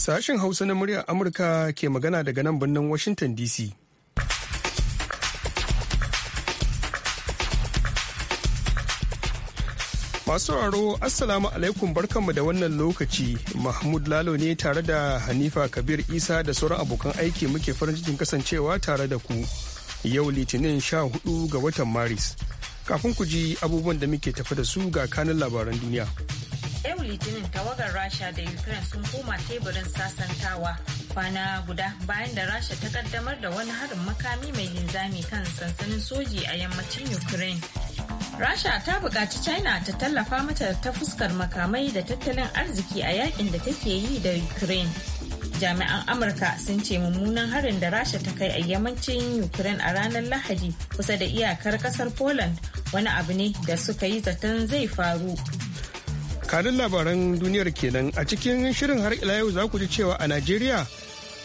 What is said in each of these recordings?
Sashen Hausa na muryar Amurka ke magana daga nan birnin Washington DC. Masu sauraro Assalamu alaikum barkanmu da wannan lokaci Mahmud Lalo ne tare da Hanifa Kabir Isa da sauran abokan aiki muke farin cikin kasancewa tare da ku yau Litinin Sha hudu ga watan Maris. Kafin ku ji abubuwan da muke tafi da su ga kanin labaran duniya. yau litinin tawagar rasha da ukraine sun koma teburin sasantawa kwana guda bayan da rasha ta kaddamar da wani harin makami mai linzami kan sansanin soji a yammacin ukraine rasha ta buƙaci china ta tallafa mata ta fuskar makamai da tattalin arziki a yakin da take yi da ukraine jami'an amurka sun ce mummunan harin da rasha ta kai a yammacin ukraine a ranar lahadi kusa da iyakar kasar poland wani abu ne da suka yi zaton zai faru kanun labaran duniyar kenan a cikin shirin har ila yau za ku ji cewa a najeriya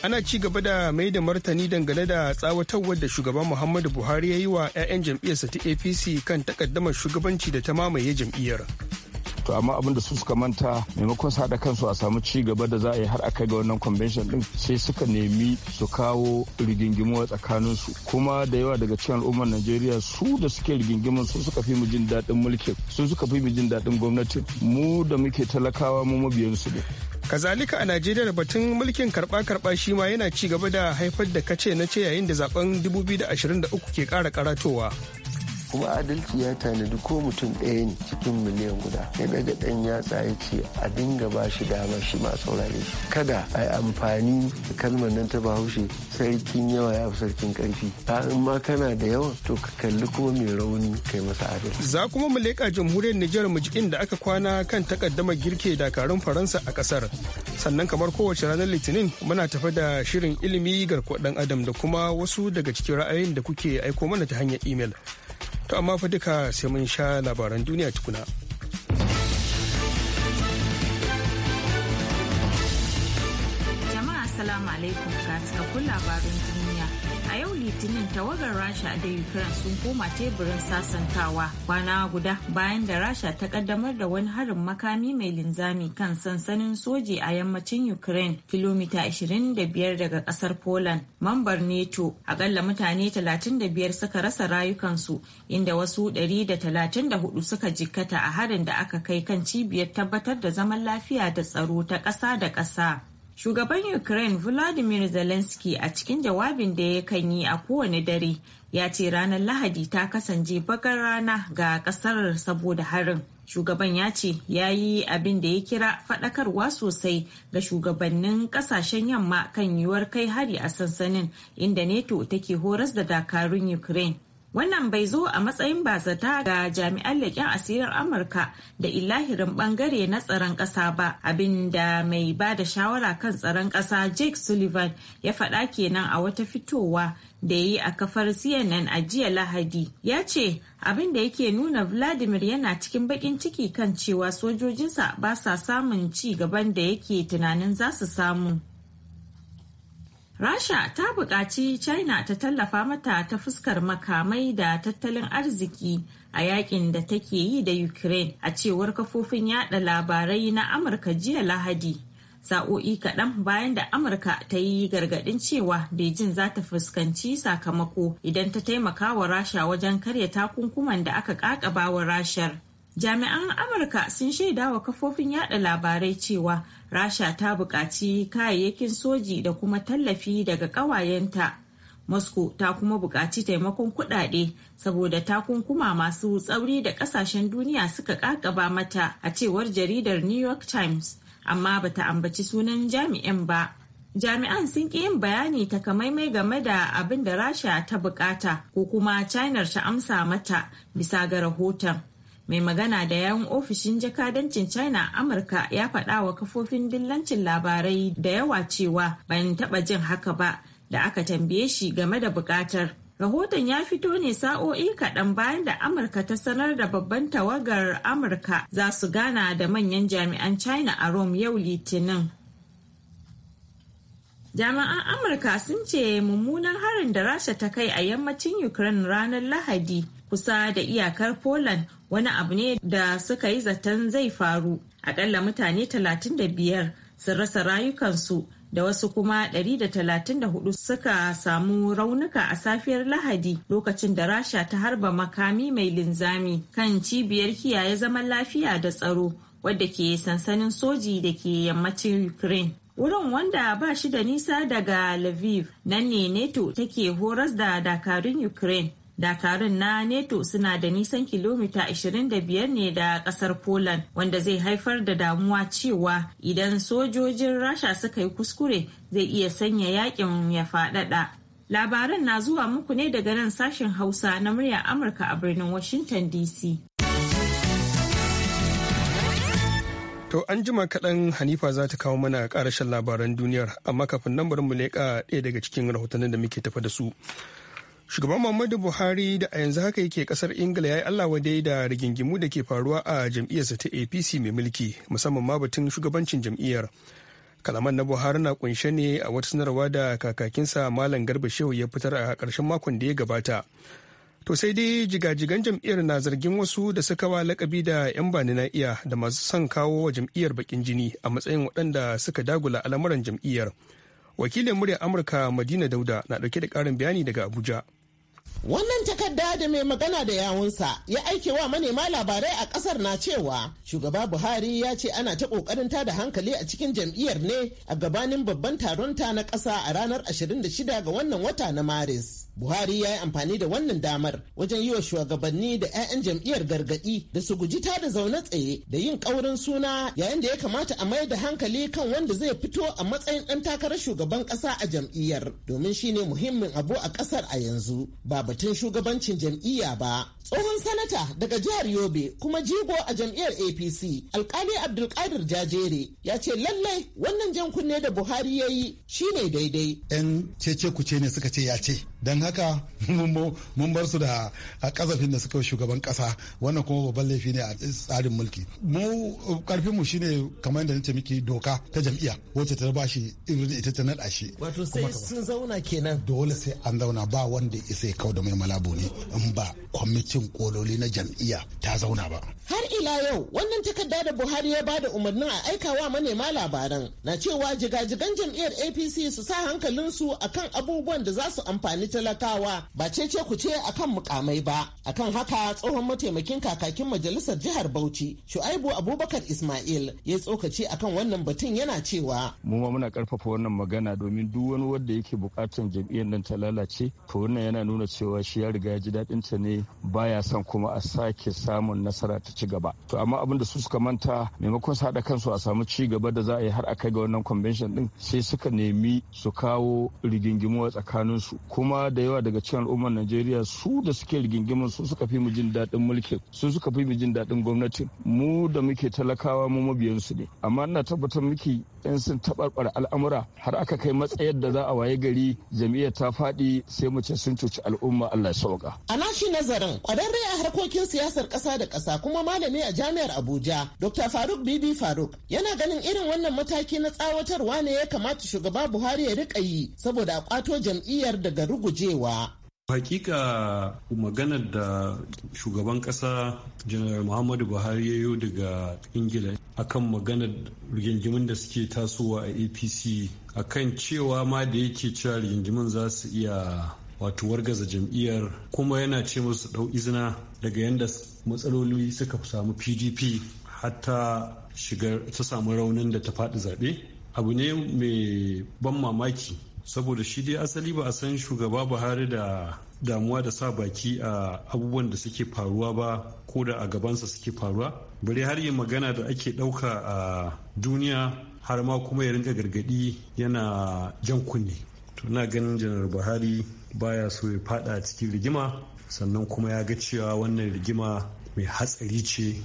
ana ci gaba da mai da martani dangane da tsawatarwar da shugaban muhammadu buhari ya yi wa 'ya'yan jam'iyyarsa ta apc kan takaddamar shugabanci da ta mamaye jam'iyyar to amma abin da su suka manta maimakon su haɗa kansu a samu ci gaba da za a yi har a kai ga wannan convention din sai suka nemi su kawo rigingimu tsakanin su kuma da yawa daga cikin al'ummar Najeriya su da suke rigingimun su suka fi mu jin daɗin mulkin su suka fi mu jin daɗin gwamnati mu da muke talakawa mu mabiyansu ne kazalika a najeriya batun mulkin karba-karba shi ma yana ci gaba da haifar da kace na ce yayin da zaben 2023 ke kara karatowa kuma adalci ya tanadi ko mutum ɗaya ne cikin miliyan guda ya daga ɗan yatsa ya ce a dinga ba shi dama shi ma saurare shi kada a yi amfani da kalmar nan ta bahaushe sarkin yawa ya fi sarkin karfi ta in ma kana da yawa to ka kalli kuma mai rauni kai masa adalci. za kuma mu leƙa jamhuriyar nijar mu da aka kwana kan takaddamar girke dakarun faransa a ƙasar sannan kamar kowace ranar litinin muna tafe da shirin ilimi garkuwar ɗan adam da kuma wasu daga cikin ra'ayin da kuke aiko mana ta hanyar imel. To amma fa duka sai mun sha labaran duniya tukuna. Jama'a salamu alaikum ga cikakkun labarin litinin tawagar rasha da ukraine sun koma teburin sasantawa kwana guda bayan da rasha ta kaddamar da wani harin makami mai linzami kan sansanin soji a yammacin ukraine kilomita 25 daga kasar poland mambar neto akalla mutane 35 suka rasa rayukansu inda wasu 134 suka jikkata a harin da aka kai kan cibiyar tabbatar da zaman lafiya da tsaro ta ƙasa da ƙasa Shugaban Ukraine Vladimir Zelensky a cikin jawabin da ya kan yi a kowane dare ya ce ranar Lahadi ta kasance bakar rana ga kasar saboda harin. Shugaban ya ce ya yi abin da ya kira faɗakarwa sosai ga shugabannin ƙasashen yamma kan yiwuwar kai hari a sansanin inda NATO take horas da dakarun Ukraine. Wannan bai zo a matsayin bazata ga jami'an leƙen asirin Amurka da ilahirin bangare na tsaron ƙasa ba, abin da mai ba da shawara kan tsaron ƙasa Jake Sullivan ya faɗa kenan a wata fitowa da yi a kafar CNN a jiya Lahadi. Ya ce abin da yake nuna Vladimir yana cikin bakin ciki kan cewa sojojinsa ba sa samun ci gaban da yake tunanin za su samu. Rasha ta buƙaci China ta tallafa mata ta fuskar makamai da tattalin arziki a yakin da take yi da Ukraine a cewar kafofin yada labarai na Amurka jiya Lahadi. Sa'o'i kaɗan bayan da Amurka ta yi gargaɗin cewa Beijing za ta fuskanci sakamako idan ta taimaka wa Rasha wajen karya takunkuman da aka ƙaƙaba wa Rashar. jami'an amurka sun shaida wa kafofin yada labarai cewa rasha ta buƙaci kayayyakin soji da kuma tallafi daga ƙawayenta moscow ta kuma buƙaci taimakon kuɗaɗe saboda takunkuma masu tsauri da ƙasashen duniya suka ƙaƙaba mata a cewar jaridar new york times amma bata ambaci sunan jami'in ba jami'an sun ƙi yin bayani takamaimai game da abin da rasha ta bukata ko kuma China ta amsa mata bisa ga rahoton mai magana da yawun ofishin jakadancin china a amurka ya faɗa wa kafofin dillancin labarai da yawa cewa ban taɓa jin haka ba da aka tambaye shi game da buƙatar rahoton ya fito ne sa'o'i kaɗan bayan da amurka ta sanar da babban tawagar amurka za su gana da manyan jami'an china a rome yau litinin jami'an amurka sun ce mummunan harin da rasha ta kai a yammacin ukraine ranar lahadi kusa da iyakar poland wani abu ne da suka yi zaton zai faru akalla mutane 35 sun rasa rayukansu da wasu kuma 134 suka samu raunuka a safiyar lahadi lokacin da rasha ta harba makami mai linzami kan cibiyar kiyaye zaman lafiya da tsaro wadda ke sansanin soji da ke yammacin ukraine wurin wanda ba shi da nisa daga lviv nan ne neto take horas da dakarun ukraine dakarun na neto suna da nisan kilomita 25 ne da kasar poland wanda zai haifar da damuwa cewa idan sojojin rasha suka yi kuskure zai iya sanya yakin ya faɗaɗa labaran na zuwa muku ne daga nan sashen hausa na murya amurka a birnin washington dc To an jima kaɗan Hanifa za ta kawo mana ƙarashin labaran duniyar amma kafin nan bari mu leƙa ɗaya daga cikin rahotannin da muke tafa da su. shugaban muhammadu buhari da a yanzu haka yake kasar ingila ya yi allah wadai da rigingimu da ke faruwa a jam'iyyarsa ta apc mai mulki musamman ma batun shugabancin jam'iyyar kalaman na buhari na kunshe ne a wata sanarwa da kakakinsa malam garba shehu ya fitar a karshen makon da ya gabata to sai dai jigajigan jam'iyyar na zargin wasu da suka wa lakabi da 'yan bani na iya da masu son kawo wa jam'iyyar bakin jini a matsayin waɗanda suka dagula al'amuran jam'iyyar wakilin muryar amurka madina dauda na ɗauke da ƙarin bayani daga abuja Wannan takarda da mai magana da yawunsa ya aike wa manema labarai a kasar na cewa shugaba Buhari ya ce ana ta kokarin da hankali a cikin jam'iyyar ne a gabanin babban taron ta na kasa a ranar 26 ga wannan wata na Maris. Buhari ya yi amfani da wannan damar wajen yi wa shugabanni da 'ya'yan jam'iyyar gargaɗi da su guji ta da zaune tsaye da yin ƙaurin suna yayin da ya kamata a mai da hankali kan wanda zai fito a matsayin ɗan takarar shugaban ƙasa a jam'iyyar domin shine muhimmin abu a ƙasar a yanzu ba batun shugabancin jam'iyya ba. Tsohon sanata daga jihar Yobe kuma jigo a jam'iyyar APC alkali Abdulkadir Jajere ya ce lallai wannan jan kunne da Buhari ya yi shine daidai. 'Yan cece kuce ne suka ce ya ce don haka mun bar su da kasafin da suka shugaban kasa wannan kuma babban laifi ne a tsarin mulki mu karfin mu shine kamar yadda nace miki doka ta jam'iyya wacce ta bashi irin ita ta nada shi wato sai sun zauna kenan dole sai an zauna ba wanda isa kau da mai malabo ne in ba kwamitin kololi na jam'iyya ta zauna ba har ila yau wannan takarda da Buhari ya bada umarnin a aikawa manema labaran na cewa jigajigan jam'iyyar APC su sa hankalinsu akan abubuwan da za su amfani talakawa ba ce ce ku ce a kan mukamai ba akan haka tsohon mataimakin kakakin majalisar jihar Bauchi Shu'aibu Abubakar Ismail ya tsokaci akan wannan batun yana cewa mu ma muna karfafa wannan magana domin duk wani wanda yake bukatan jam'iyyar nan ta lalace to wannan yana nuna cewa shi ya riga ji daɗinta ta ne baya son kuma a sake samun nasara ta ci gaba to amma abin da su suka manta maimakon su haɗa kansu a samu ci gaba da za a yi har a kai ga wannan convention din sai suka nemi su kawo rigingimuwa a tsakaninsu kuma kuma da yawa daga cikin al'ummar najeriya su da suke rigingimin su suka fi mu jin daɗin mulki su suka fi mu jin daɗin gwamnati mu da muke talakawa mu mabiyansu ne amma ina tabbatar miki in sun taɓarɓar al'amura har aka kai matsayar da za a waye gari jam'iyyar ta faɗi sai mu ce sun cuci al'umma Allah ya sauka. A nashi nazarin kwararre a harkokin siyasar ƙasa da ƙasa kuma malami a jami'ar Abuja Dr. Faruk Bibi Faruk yana ganin irin wannan mataki na tsawatarwa ne ya kamata shugaba Buhari ya riƙa yi saboda a kwato jam'iyyar daga rugujewa. Hakika maganar da shugaban kasa janar Muhammadu Buhari ya yi daga Ingila akan maganar rigingimin da suke tasowa a APC akan cewa ma da yake cewa rigingimin za su iya wato wargaza jam'iyyar kuma yana ce musu ɗau izina daga yadda matsaloli suka samu PDP hatta shigar ta samu raunin da ta faɗi zaɓe abu ne mai ban mamaki saboda shi dai asali ba a san shugaba buhari da damuwa da sa baki a abubuwan da suke faruwa ba ko da a gabansa suke faruwa bare har yi magana da ake ɗauka a duniya har ma kuma ya rinka gargadi yana jan kunne to na ganin janar buhari baya so ya fada cikin rigima sannan kuma ya ga cewa wannan rigima mai hatsari ce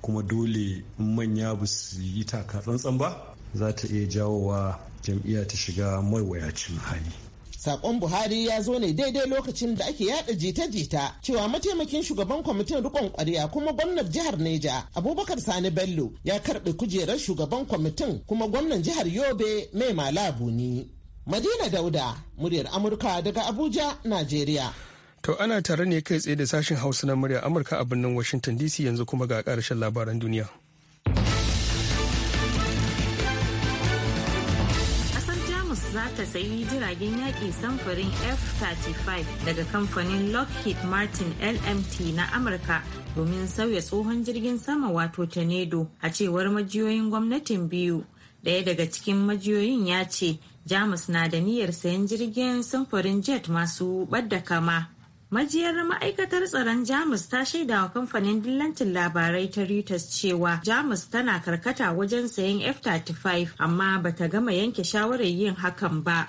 kuma dole manya ba su yi taka tsantsan ba za ta iya jawowa jam'iyya ta shiga mawuyacin hali Sakon Buhari ya zo ne daidai lokacin da ake yada jita-jita cewa mataimakin shugaban kwamitin rikon kwarya kuma gwamnan jihar Neja Abubakar Sani Bello ya karbe kujerar shugaban kwamitin kuma gwamnan jihar Yobe mai malabu ne. Madina Dauda, muryar Amurka daga Abuja, Najeriya. To ana tare ne kai tsaye da sashen Hausa na muryar Amurka a birnin Washington DC yanzu kuma ga ƙarshen labaran duniya. za ta sayi jiragen yaƙi samfurin F-35 daga kamfanin Lockheed Martin LMT na Amurka domin sauya tsohon jirgin sama wato Tornado a cewar majiyoyin gwamnatin biyu. Daya daga cikin majiyoyin ya ce Jamus na da niyyar sayan jirgin samfurin jet masu ɓadda kama. Majiyar ma'aikatar tsaron Jamus ta shaida wa kamfanin dillancin labarai ta Reuters cewa Jamus tana karkata wajen sayan F-35 amma bata gama yanke shawarar yin hakan ba.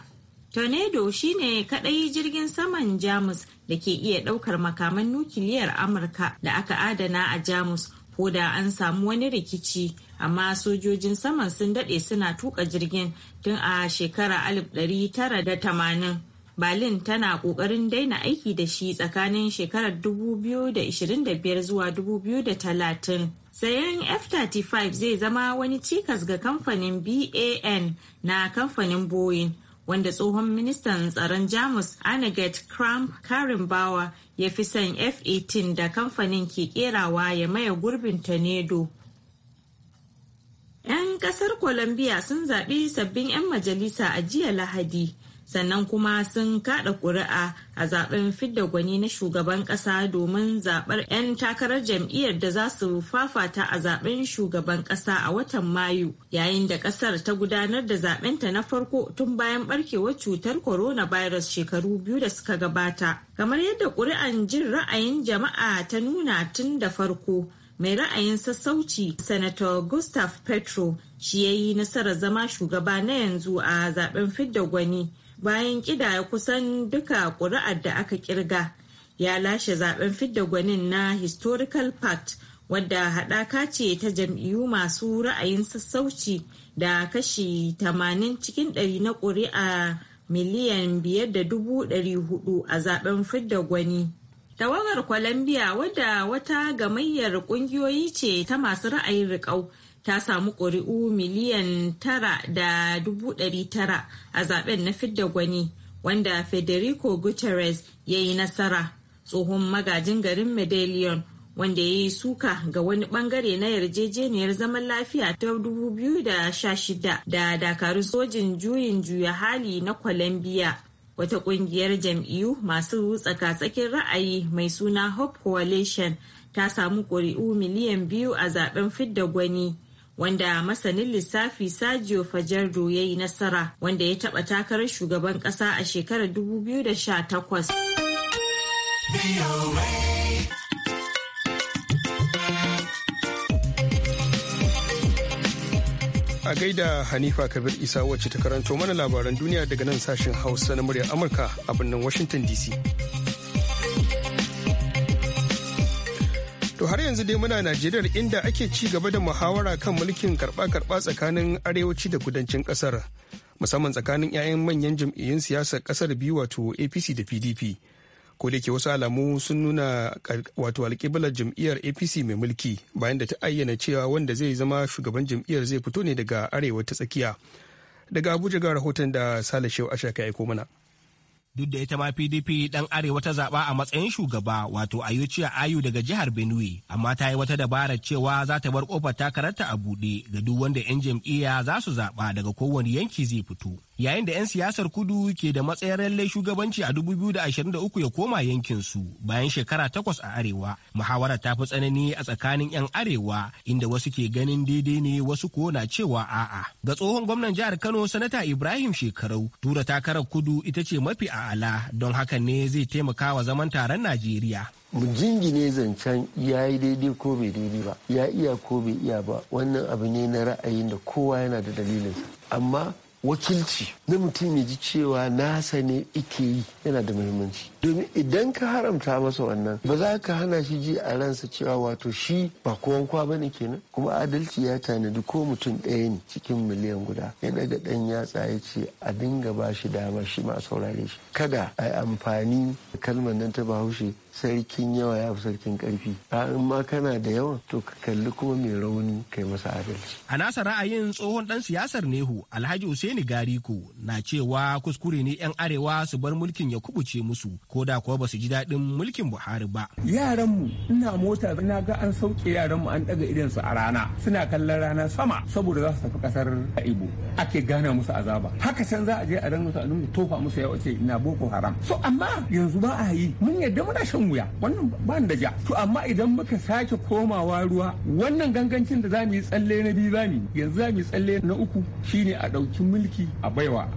Tornado shi ne kadai jirgin saman Jamus da ke iya daukar makaman nukiliyar Amurka da aka adana a Jamus ko da an samu wani rikici amma sojojin saman sun dade suna tuka jirgin tun a shekara 1980. Berlin tana ƙoƙarin daina aiki da shi tsakanin shekarar 2025 zuwa 2030. Sayan F-35 zai zama wani cikas ga kamfanin BAN na kamfanin Boeing. wanda tsohon ministan tsaron jamus annegret kramp karenbauer ya fi son f-18 da kamfanin ke kerawa ya maye gurbin tornado 'yan kasar colombia sun zaɓi sabbin 'yan majalisa a jiya lahadi sannan kuma sun kada kuri'a a zaben fidda gwani na shugaban kasa domin zaɓar 'yan takarar jam'iyyar da za su fafata a zaben shugaban kasa a watan mayu yayin da kasar ta gudanar da zaɓenta na farko tun bayan barkewar cutar coronavirus shekaru biyu da suka gabata kamar yadda kuri'an jin ra'ayin jama'a ta nuna tun da farko mai ra'ayin sassauci senator gustav petro shi ya yi nasarar zama shugaba na yanzu a zaben fidda gwani bayan kidaya kusan duka ƙuri'ar da aka kirga ya lashe zaben fidda gwanin na historical pact wadda haɗaka ce ta jam'iyyu masu ra'ayin sassauci da kashi 80 cikin ɗari na ƙuri'a miliyan 5,400 a zaben fidda gwani. Tawagar Columbia wadda wata gamayyar ƙungiyoyi ce ta masu ra'ayin riƙau ta samu ƙuri'u miliyan tara da dubu ɗari tara a zaben na fidda gwani wanda federico guterres ya yi nasara tsohon magajin garin medallion wanda ya yi suka ga wani bangare na yarjejeniyar zaman lafiya ta 2016 da dakarun sojin juyin juya hali na colombia wata kungiyar jam'iyyu masu tsakatsakin ra'ayi mai suna hope coalition ta samu ƙuri'u miliyan biyu a zaben fidda gwani wanda masanin lissafi Sergio Fajardo ya yi nasara wanda ya taɓa takarar shugaban ƙasa a shekarar 2018. A gaida Hanifa Kabir Isa wacce ta karanto mana labaran duniya daga nan sashen Hausa na muryar Amurka a birnin Washington DC. har yanzu dai muna Najeriya inda ake ci gaba da muhawara kan mulkin karba-karba tsakanin arewaci da kudancin Kasar Musamman tsakanin 'ya'yan manyan jam'iyyun siyasar ƙasar biyu wato APC da PDP. Ko da ke wasu alamu sun nuna wato alƙiblar jam'iyyar APC mai mulki bayan da ta ayyana cewa wanda zai zama shugaban jam'iyyar zai fito ne daga arewa ta tsakiya. Daga Abuja ga rahoton da Sale Shehu Ashaka ka aiko mana. duk da ita ma pdp dan arewa ta zaba a matsayin shugaba wato ayuciya ayu daga jihar benue amma ta yi wata dabarar cewa za ta bar kofar takararta a buɗe ga duk wanda 'yan jam'iyya za su zaba daga kowane yanki zai fito yayin da 'yan siyasar kudu ke da matsayar lallai shugabanci a 2023 ya koma yankinsu bayan shekara takwas a arewa muhawara ta fi tsanani a tsakanin 'yan arewa inda wasu ke ganin daidai ne wasu ko na cewa a'a ga tsohon gwamnan jihar kano sanata ibrahim shekarau tura takarar kudu ita ce mafi a'ala don hakan ne zai taimaka wa zaman taron najeriya mu jingine zancen ya yi daidai ko bai daidai ba ya iya ko bai iya ba wannan abu ne na ra'ayin da kowa yana da dalilinsa amma wakilci na mutum ya ji cewa nasa ne ike yi yana da muhimmanci domin idan ka haramta masa wannan ba za ka hana shi ji a ransa cewa wato shi ba kowan kwa bane kenan kuma adalci ya tanadi ko mutum ɗaya ne cikin miliyan guda ya daga ɗan yatsa ya ce a dinga ba shi dama shi ma saurare shi kada a yi amfani da kalmar nan ta bahaushe sarkin yawa ya fi sarkin karfi in ma kana da yawa to ka kalli kuma mai rauni kai masa adalci a nasa ra'ayin tsohon dan siyasar nehu alhaji Usaini gariko na cewa kuskure ne yan arewa su bar mulkin ya kubuce musu ko da kuwa ba su ji daɗin mulkin buhari ba yaranmu ina mota na ga an sauke yaran mu an daga su a rana suna kallon rana sama saboda za su tafi kasar ibo ake gana musu azaba haka can za a je a ran musu a tofa musu ya wuce ina boko haram so amma yanzu ba a yi mun yadda muna shan shan wuya wannan ba da ja to amma idan muka sake komawa ruwa wannan gangancin da za mu yi tsalle na biyu mu yanzu za mu yi tsalle na uku shine a ɗauki mulki a baiwa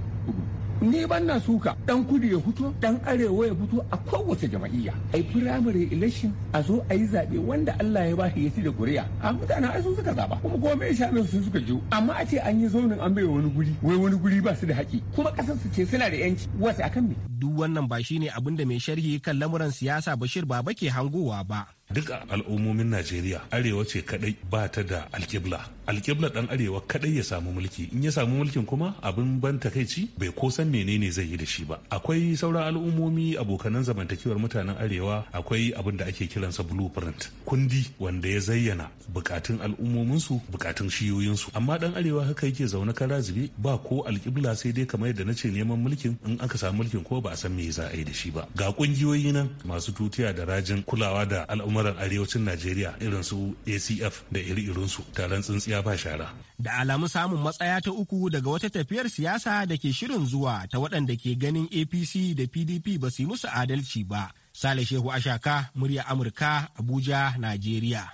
ni ban na suka dan kudu ya fito dan arewa ya fito a kowace jama'iyya ai primary election a zo a yi zaɓe wanda Allah ya ba shi ya da kuri'a a mutane ai su suka zaba. kuma ko me sha su suka ji amma a ce an yi zaunin an bai wani guri wai wani guri ba su da haƙi kuma ƙasar su ce suna da yanci wasu akan me duk wannan ba shine abin da mai sharhi kan lamuran siyasa Bashir Baba ke hangowa ba duk a al'ummomin najeriya arewa ce kadai ba ta da alkibla alkibla dan arewa kadai ya samu mulki in ya samu mulkin kuma abin ban takaici bai ko san menene zai yi da shi ba akwai sauran al'ummomi abokanan zamantakewar mutanen arewa akwai abin da ake kiransa blueprint kundi wanda ya zayyana bukatun al'ummominsu bukatun shiyoyinsu amma dan arewa haka yake zaune kara zube ba ko alkibla sai dai kamar yadda nace neman mulkin in aka samu mulkin ko ba a san me za a yi da shi ba ga kungiyoyi nan masu tutiya da rajin kulawa da al'ummar al'amuran arewacin najeriya irin su acf da iri-irinsu taron tsintsiya ba shara da alamu samun matsaya ta uku daga wata tafiyar siyasa da ke shirin zuwa ta waɗanda ke ganin apc da pdp ba su yi musu adalci ba sale shehu ashaka murya amurka abuja najeriya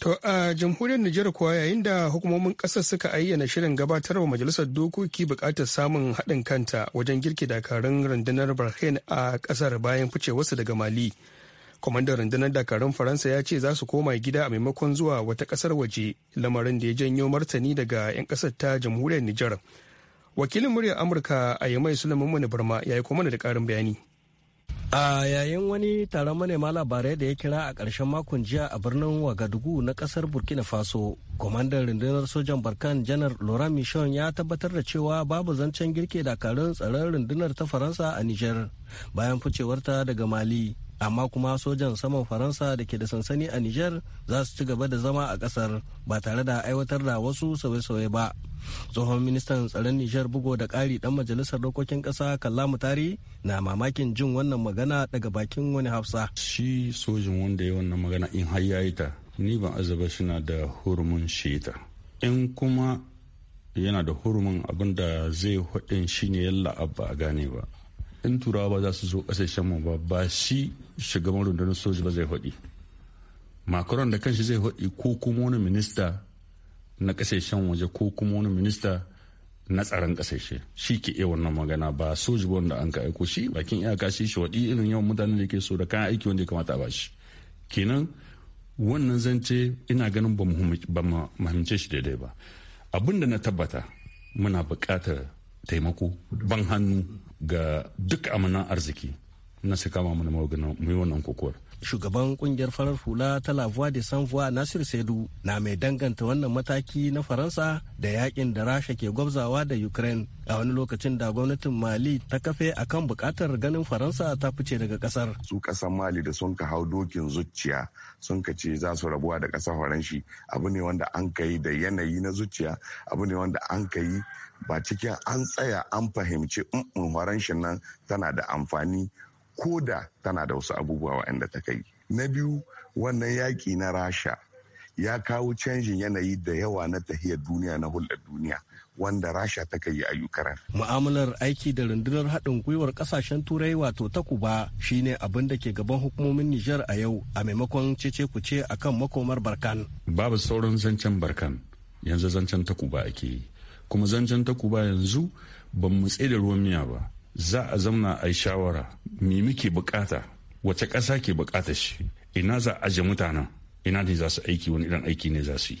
To a jamhuriyar Nijar kuwa yayin da hukumomin ƙasar suka ayyana shirin gabatar wa majalisar dokoki buƙatar samun haɗin kanta wajen girki dakarun rundunar Bahrain a ƙasar bayan ficewarsu daga Mali. kwamandan rundunar dakarun faransa ya ce za su koma gida a maimakon zuwa wata kasar waje lamarin da ya janyo martani daga 'yan kasar ta jamhuriyar nijar wakilin muryar amurka a mai sulaiman mana barma ya yi kuma da karin bayani a yayin wani taron manema labarai da ya kira a ƙarshen makon jiya a birnin wagadugu na ƙasar burkina faso kwamandan rundunar sojan barkan janar laurent michon ya tabbatar da cewa babu zancen girke dakarun tsaron rundunar ta faransa a nijar bayan ficewarta daga mali amma kuma sojan saman faransa da ke da sansani a niger za su ci gaba da zama a kasar ba tare da aiwatar da wasu sauye-sauye ba tsohon ministan tsaron niger bugo da ƙari dan majalisar dokokin ƙasa kallamu tari na mamakin jin wannan magana daga bakin wani hafsa shi sojin wanda ya wannan magana in har ya ta ni ban azaba shi na da hurumin shi ta in kuma yana da hurumin abin da zai hudin shi ne yalla abba a gane ba in turawa ba za su zo kasashen mu ba ba shi shugaban rundunar soji ba zai haɗi macron da kanshi zai haɗi ko kuma wani minista na kasashen waje ko kuma wani minista na tsaron kasashe shi ke iya wannan magana ba soji ba wanda an ka aiko shi bakin iyaka shi shi waɗi irin yawan mutanen da ke so da kayan aiki wanda ya kamata a shi. kenan wannan zance ina ganin ba mu shi daidai ba abin da na tabbata muna buƙatar taimako ban hannu ga duk amanan arziki na su kama mana maganin mai wannan kokowar shugaban kungiyar farar hula ta la voix de sans voix nasir saidu na mai danganta wannan mataki na faransa da yakin da rasha ke gwabzawa da ukraine a wani lokacin da gwamnatin mali ta kafe a kan bukatar ganin faransa ta fice daga kasar su kasan mali da sun ka hau dokin zuciya sun ka ce za su rabuwa da kasar faranshi abu ne wanda an ka yi da yanayi na zuciya abu ne wanda an ka yi ba cikin an tsaya an fahimci in faranshin nan tana da amfani ko da tana da wasu abubuwa waɗanda ta kai na biyu wannan yaƙi na rasha ya kawo canjin yanayi da yawa na tahiyar duniya na hulɗar duniya wanda rasha ta kai a ukraine mu'amalar aiki da rundunar haɗin gwiwar ƙasashen turai wato ta kuba shine abin da ke gaban hukumomin nijar a yau a maimakon cece ce akan makomar barkan babu sauran zancen barkan yanzu zancen ta kuba ake yi kuma zancen ta kuba yanzu ban mu tsaye da ruwan miya ba za a zauna a yi shawara me muke bukata wace ƙasa ke bukata shi ina za a aje mutanen ina ne za su aiki wani idan aiki ne za su yi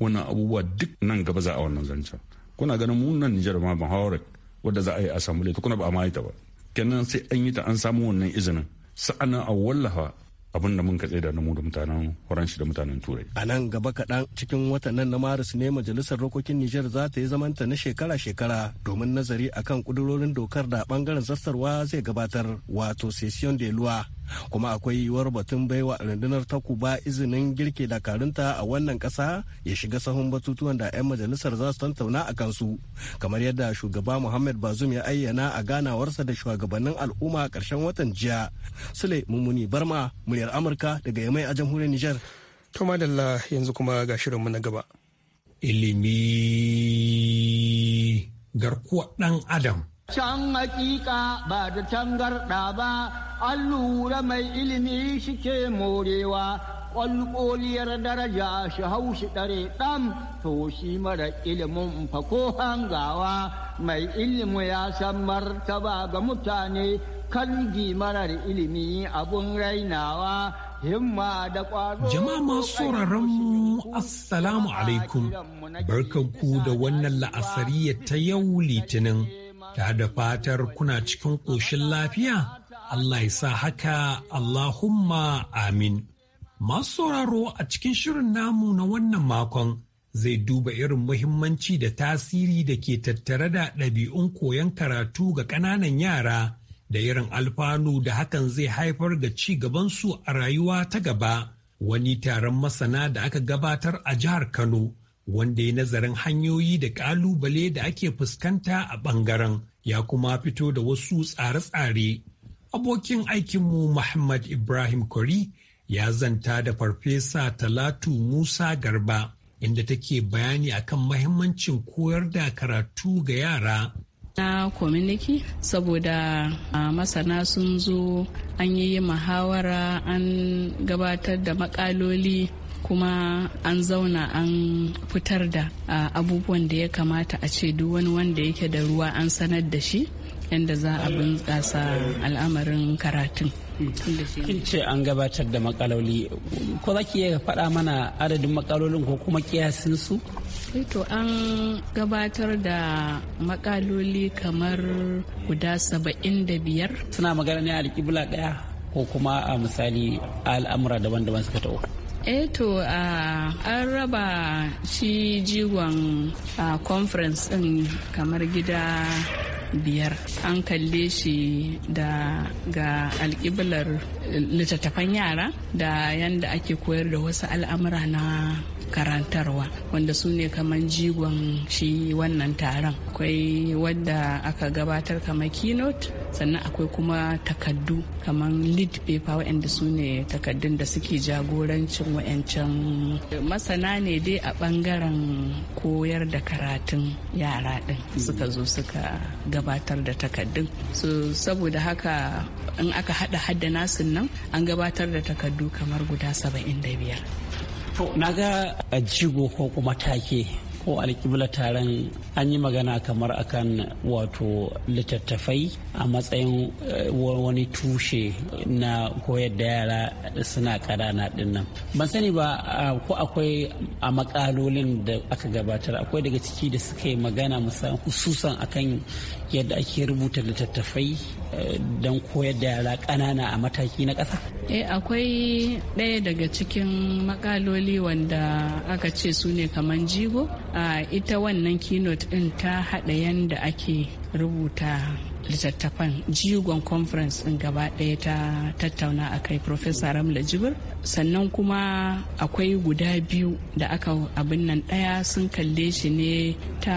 wannan abubuwa duk nan gaba za a wannan zancen kuna ganin mu nan Nijar ma ban hawar wadda za a yi a samu kuna ba a ma ta ba kenan sai an yi ta an samu wannan izinin sa'anan a wallafa abin da mun katse da namu da mutanen faranshi da mutanen turai a nan gaba kaɗan cikin watan na maris ne majalisar rokokin nijar za ta yi zamanta na shekara-shekara domin nazari akan kudurorin dokar da ɓangaren sassarwa zai gabatar wato session de loi kuma akwai yiwuwar batun baiwa rundunar takuba izinin girke dakarunta a wannan kasa. ya shiga sahun batutuwan da 'yan majalisar za su tantauna a kansu kamar yadda shugaba muhammad bazum ya ayyana a ganawarsa da shugabannin al'umma a ƙarshen watan jiya sule mummuni barma muryar amurka daga yamai a jamhuriyar nijar to madalla yanzu kuma ga shirin mu na gaba ilimi garkuwa ɗan adam Can hakika ba da tangarɗa ba, an lura mai ilimi shike morewa, ƙwalƙoliyar daraja shi haushi ɗare ɗan, to shi mara ilimin fa hangawa, mai ilimi ya san martaba ga mutane, kan marar ilimi abun rainawa, himma da ƙwaro. Jama'a masu mu Assalamu alaikum, barkanku da wannan la'asariya ta yau Litinin. ta da fatar kuna cikin ƙoshin lafiya, Allah ya sa haka Allahumma amin. Masu sauraro a cikin shirin namu na wannan makon zai duba irin muhimmanci da tasiri da ke tattare da ɗabi'un koyon karatu ga ƙananan yara da irin alfanu da hakan zai haifar ga ci gabansu a rayuwa ta gaba. Wani taron masana da aka gabatar a jihar Kano. wanda ya nazarin hanyoyi da ƙalubale da ake fuskanta a ɓangaren ya kuma fito da wasu tsare-tsare. Abokin aikinmu Muhammad Ibrahim kori ya zanta da Farfesa Talatu Musa Garba inda take bayani akan mahimmancin koyar da karatu ga yara. na kominiki saboda uh, masana sun zo an yi muhawara an gabatar da makaloli kuma an zauna an fitar da abubuwan da ya kamata a ce duk wani wanda yake da ruwa an sanar da shi yadda za a bunƙasa al'amarin karatun. Kin ce an gabatar da makaloli ko za ki iya faɗa mana adadin makalolin ko kuma kiyasin su? Eh to an gabatar da makaloli kamar guda saba'in da biyar. Suna magana ne a alƙibla ɗaya ko kuma a misali al'amura daban-daban suka ta'o. eh to uh, an raba shi jigon a conference din kamar gida biyar an kalle shi da ga alkiblar eh, littattafan yara da yanda ake koyar da wasu al'amura na karantarwa wanda su ne kamar jigon shi wannan taron akwai wadda aka gabatar kamar keynote sannan akwai kuma takaddu kamar lead paper waɗanda su ne takaddun da suke jagorancin wayancan masana ne dai a bangaren koyar da karatun yara din suka zo suka gabatar da takaddun so saboda haka in aka hada hadda nasu nan an gabatar da takaddu kamar guda 75 To, na ga jigo ko kuma take ko alƙibla taron an yi magana kamar akan wato littattafai a matsayin eh, wani tushe na koyar da yara suna ƙanana dinnan ban sani ba ko akwai a makalolin da aka gabatar akwai daga ciki da suka yi magana musamman hususan akan yadda ake rubuta littattafai eh, don koyar da yara ƙanana a mataki na ƙasa? eh akwai ɗaya daga cikin makaloli wanda aka ce su ne kaman jigo ita wannan keynote din ta haɗa yadda ake rubuta littattafan jigon conference din gaba ɗaya ta tattauna a kai professor ramla jibir sannan kuma akwai guda biyu da aka abin nan ɗaya sun kalle shi ne ta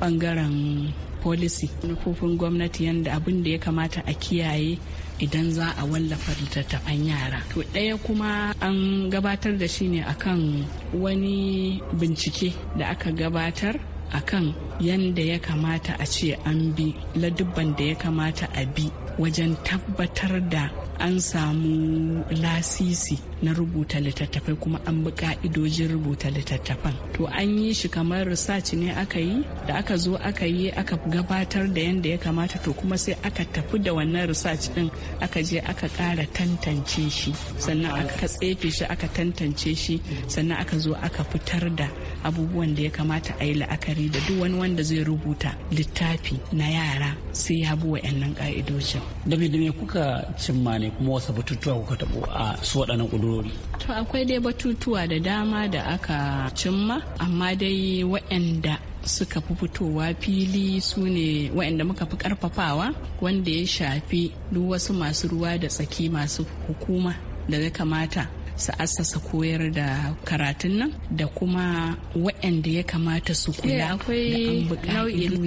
ɓangaren policy nufofin gwamnati yadda abin da ya kamata a kiyaye idan za a wallafa littattafan yara to ɗaya kuma an gabatar da shi ne akan wani bincike da aka gabatar akan yadda ya kamata a ce an bi ladubban da ya kamata a bi wajen tabbatar da an samu lasisi na rubuta littattafai kuma an bi ka'idojin rubuta littattafan to an yi shi kamar research ne aka yi da aka zo aka yi aka gabatar da yadda ya kamata to kuma sai aka tafi da wannan research din aka je aka ƙara tantance shi sannan aka tsefe shi aka tantance shi sannan aka zo aka fitar da abubuwan da ya kamata a yi la'akari da duk wani wanda zai rubuta littafi na yara sai ya bi wa'annan ka'idojin. kuka cimma ne kuma wasu batutuwa kuka tabo a su waɗannan ƙudurori. To akwai dai batutuwa da dama da aka cimma amma dai waɗanda suka fi fitowa fili su ne waɗanda muka fi ƙarfafawa wanda ya shafi duk wasu masu ruwa da tsaki masu hukuma da ya kamata su assasa koyar da karatun nan da kuma waɗanda ya kamata su kula eh, akwai nau'in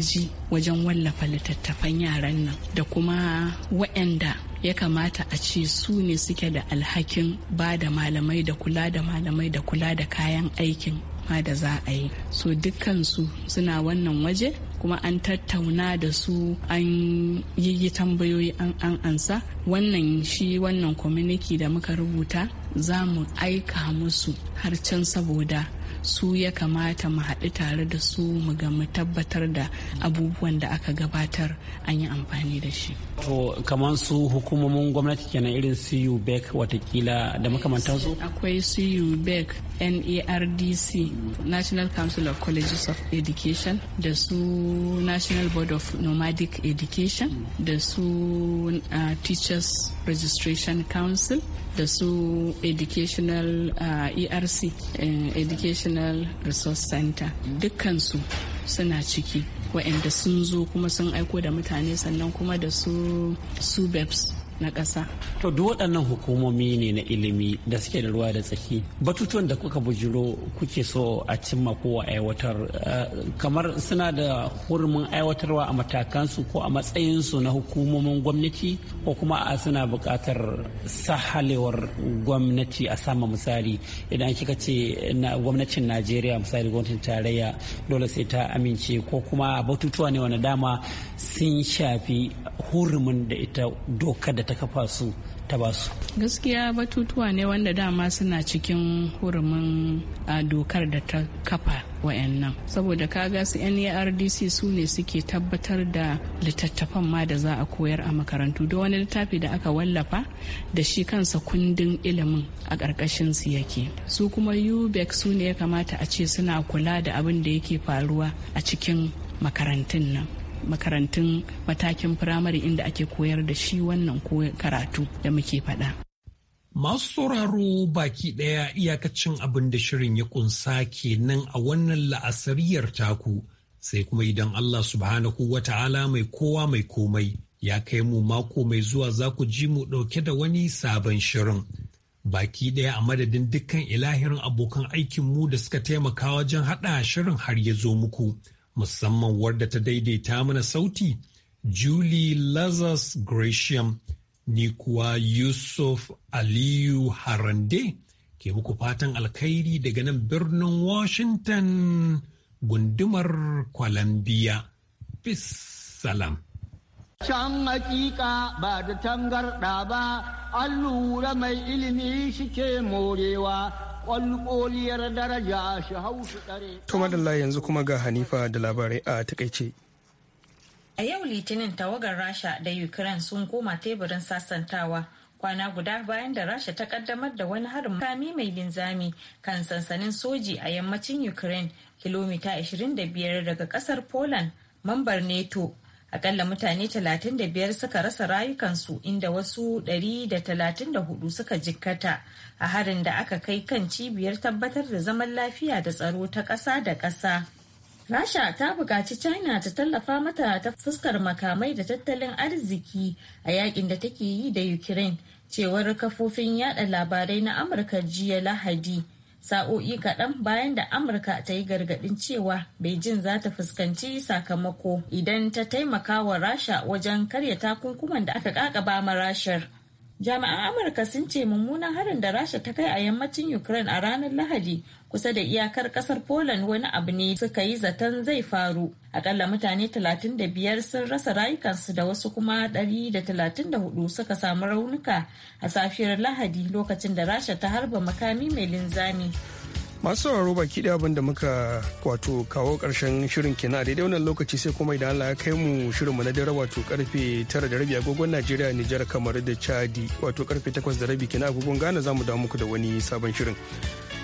wajen wallafa littattafan yaran nan da kuma waɗanda ya kamata a ce su ne suke da alhakin ba da malamai da kula da malamai da kula da kayan aikin ma da za a yi so dukkansu suna wannan waje kuma an tattauna da su an yi tambayoyi an ansa wannan shi wannan kwaminiki da muka rubuta za mu aika musu har can saboda su ya kamata mu haɗu tare da su mu ga mu tabbatar da abubuwan da aka gabatar an yi amfani da shi. To kamar su hukumomin gwamnati kenan irin CU BEC watakila da makamantar su? Akwai CU BEC, NARDC National Council of Colleges of Education, da su National Board of Nomadic Education, da su uh, Teachers Registration Council. da su educational uh, erc eh, educational resource center dukkansu suna ciki waɗanda sun zo kuma sun aiko da mutane sannan kuma da su su na ƙasa. To duk waɗannan hukumomi ne na ilimi da suke da ruwa da tsaki. Batutuwan da kuka bujiro kuke so a cimma ko aiwatar eh, kamar suna da hurumin aiwatarwa a matakansu ko a matsayinsu na hukumomin gwamnati ko kuma a suna buƙatar sahalewar gwamnati a sama misali idan kika ce gwamnatin Najeriya misali gwamnatin tarayya dole sai ta amince ko kuma batutuwa ne wani dama sun shafi hurumin da ita doka da ta kafa su ta ba su gaskiya batutuwa ne wanda dama suna cikin hurumin dokar da ta kafa wayannan saboda kaga su NARDC su ne suke tabbatar da littattafan ma da za a koyar a makarantu da wani littafi da aka wallafa da shi kansa kundin ilimin a ƙarƙashin su yake su kuma UBEC su ne ya kamata a ce suna kula da abin da yake faruwa a cikin makarantun nan makarantun matakin firamare inda ake koyar da shi wannan karatu da muke faɗa. Masu sauraro baki ɗaya iyakacin abin da shirin ya kunsa nan a wannan la'asariyar taku sai kuma idan Allah subhanahu wa ta'ala mai kowa mai komai ya kai mu mako mai zuwa za ku ji mu ɗauke da wani sabon shirin. baki ɗaya a madadin dukkan ilahirin abokan aikinmu da suka taimaka wajen haɗa shirin har ya zo muku musamman wadda ta daidaita mana sauti Julie Lazarus Gresham ni kuwa Yusuf Aliyu Harande ke muku fatan alkhairi daga nan birnin Washington gundumar Columbia. fissalam. salam. Can hakika ba da tangarda ba, an lura mai ilimi shi ke morewa kwalkoliyar daraja shi hau dare. To madalla yanzu kuma ga Hanifa da labarai a takaice. A yau Litinin tawagar Rasha da Ukraine sun koma teburin sasantawa kwana guda bayan da Rasha ta kaddamar da wani harin makami mai linzami kan sansanin soji a yammacin Ukraine kilomita 25 daga kasar Poland mambar neto. Akalla mutane 35 suka rasa rayukansu inda wasu 134 suka jikkata a harin da aka kai kan cibiyar tabbatar da zaman lafiya da tsaro ta ƙasa da ƙasa. Rasha ta buƙaci China ta tallafa mata ta fuskar makamai da tattalin arziki a yakin da take yi da Ukraine, cewar kafofin yada labarai na Amurka jiya Lahadi. sa'o'i kaɗan bayan da amurka ta yi gargaɗin cewa beijing za ta fuskanci sakamako idan ta taimaka wa rasha wajen karya takunkuman da aka kakaba ma rashar Jami'an Amurka sun ce mummunan harin da Rasha ta kai a yammacin Ukraine a ranar Lahadi kusa da iyakar kasar Poland wani abu ne suka yi zaton zai faru. Akalla mutane 35 sun rasa rayukansu da wasu kuma 134 suka samu raunuka a safiyar Lahadi lokacin da Rasha ta harba makami mai linzami masu sauraro baki da abin da muka kwato kawo karshen shirin kina a daidai wannan lokaci sai kuma idan Allah ya kai mu shirin mu na dare wato karfe 9 da rabi agogon Najeriya Nijar kamar da Chadi wato karfe 8 da rabi kina agogon Ghana zamu dawo muku da wani sabon shirin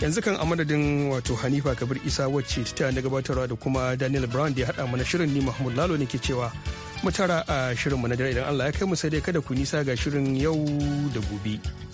yanzu kan amadadin wato Hanifa Kabir Isa wacce ta na gabatarwa da kuma Daniel Brown da ya hada mana shirin ni Mahmud Lalo ne ke cewa mu tara a shirin mu na dare idan Allah ya kai mu sai dai kada ku nisa ga shirin yau da gobe.